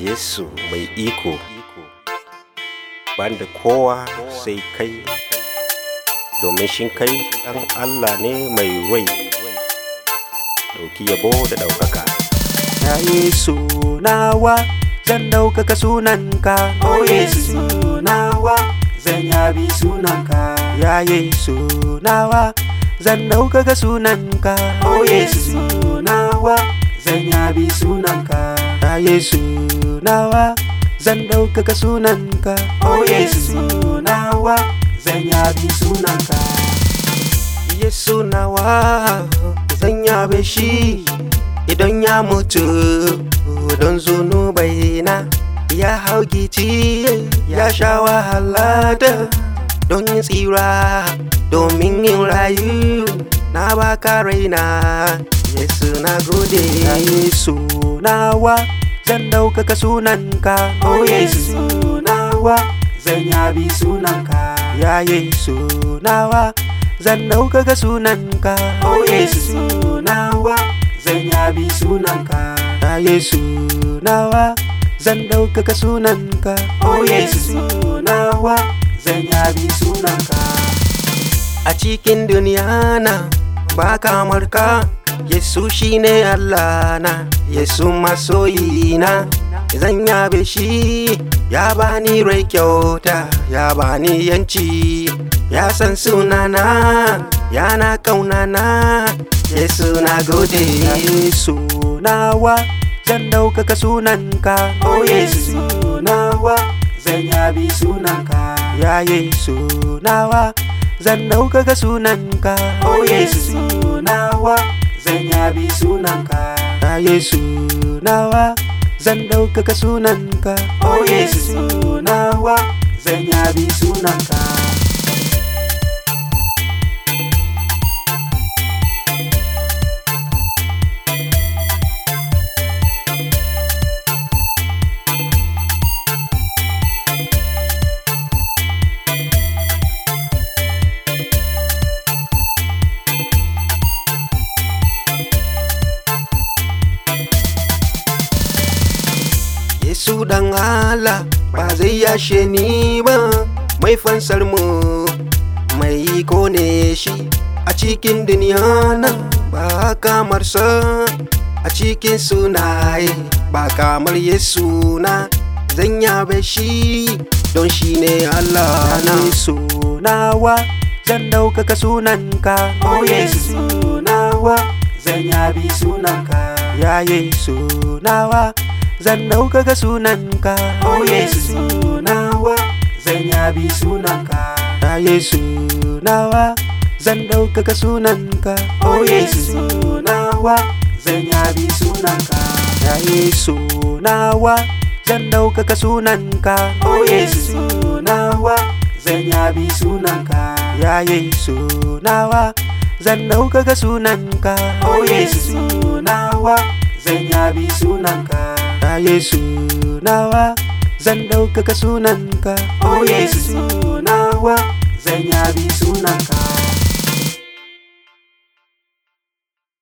Yesu mai iko banda kowa sai kai domin shi kai ɗan Allah ne mai rai ɗauki yabo da ɗaukaka. Ya Yesu nawa zan ɗaukaka sunanka, O Yesu nawa zan yabi sunanka. Ya Yesu nawa zan ɗaukaka sunanka, O Yesu nawa zan yabi sunanka. Ya Yesu nawa zan ɗaukaka sunanka oh yesu nawa zan yabi sunanka yesu nawa zan yabe shi idan ya mutu don zunubaina ya hau ya sha wahala da don tsira domin yin rayu na baka raina yesu na gode yesu nawa zan ɗaukaka sunanka o oh, oh, oh, yesu nawa zan yabi sunanka ya yesu nawa zan ɗaukaka sunanka o yesu nawa zan yabi sunanka ya yesu nawa zan ɗaukaka sunanka o yesu nawa zan yabi sunanka a cikin duniya na ba kamar ka Yesu shine Allah na Yesu masoyina zan yabe shi ya bani rai kyauta ya bani yanci ya san sunana yana kaunana Yesu na gode Yesu nawa zan ɗaukaka sunanka O oh, Yesu nawa zan yabi sunanka ya Yesu nawa zan ɗaukaka sunanka O oh, Yesu nawa zanyabi yabi sunanka na yesu nawa zan ɗaukaka sunanka oh, oh yesu nawa zan yabi sunanka su dan ala ba zai yashe ni ba mai fansar mu mai iko ne shi a cikin duniya nan ba kamar sa a cikin sunaye ba kamar Yesu na zan yabe shi don shi ne Allah na sunawa zan ɗaukaka sunanka o oh, Yesu zan yabi sunanka ya Yesu nawa zan ɗaukaka sunanka oh yesu nawa zan yabi sunanka na yesu nawa zan ɗaukaka sunanka oh yesu nawa zan yabi sunanka na yesu nawa zan ɗaukaka sunanka oh yesu nawa zan yabi sunanka ya yesu nawa zan ɗaukaka sunanka oh yesu nawa zan yabi sunanka Yesu nawa zan ɗaukaka sunanka. Oh Yesu nawa zan yabi sunanka.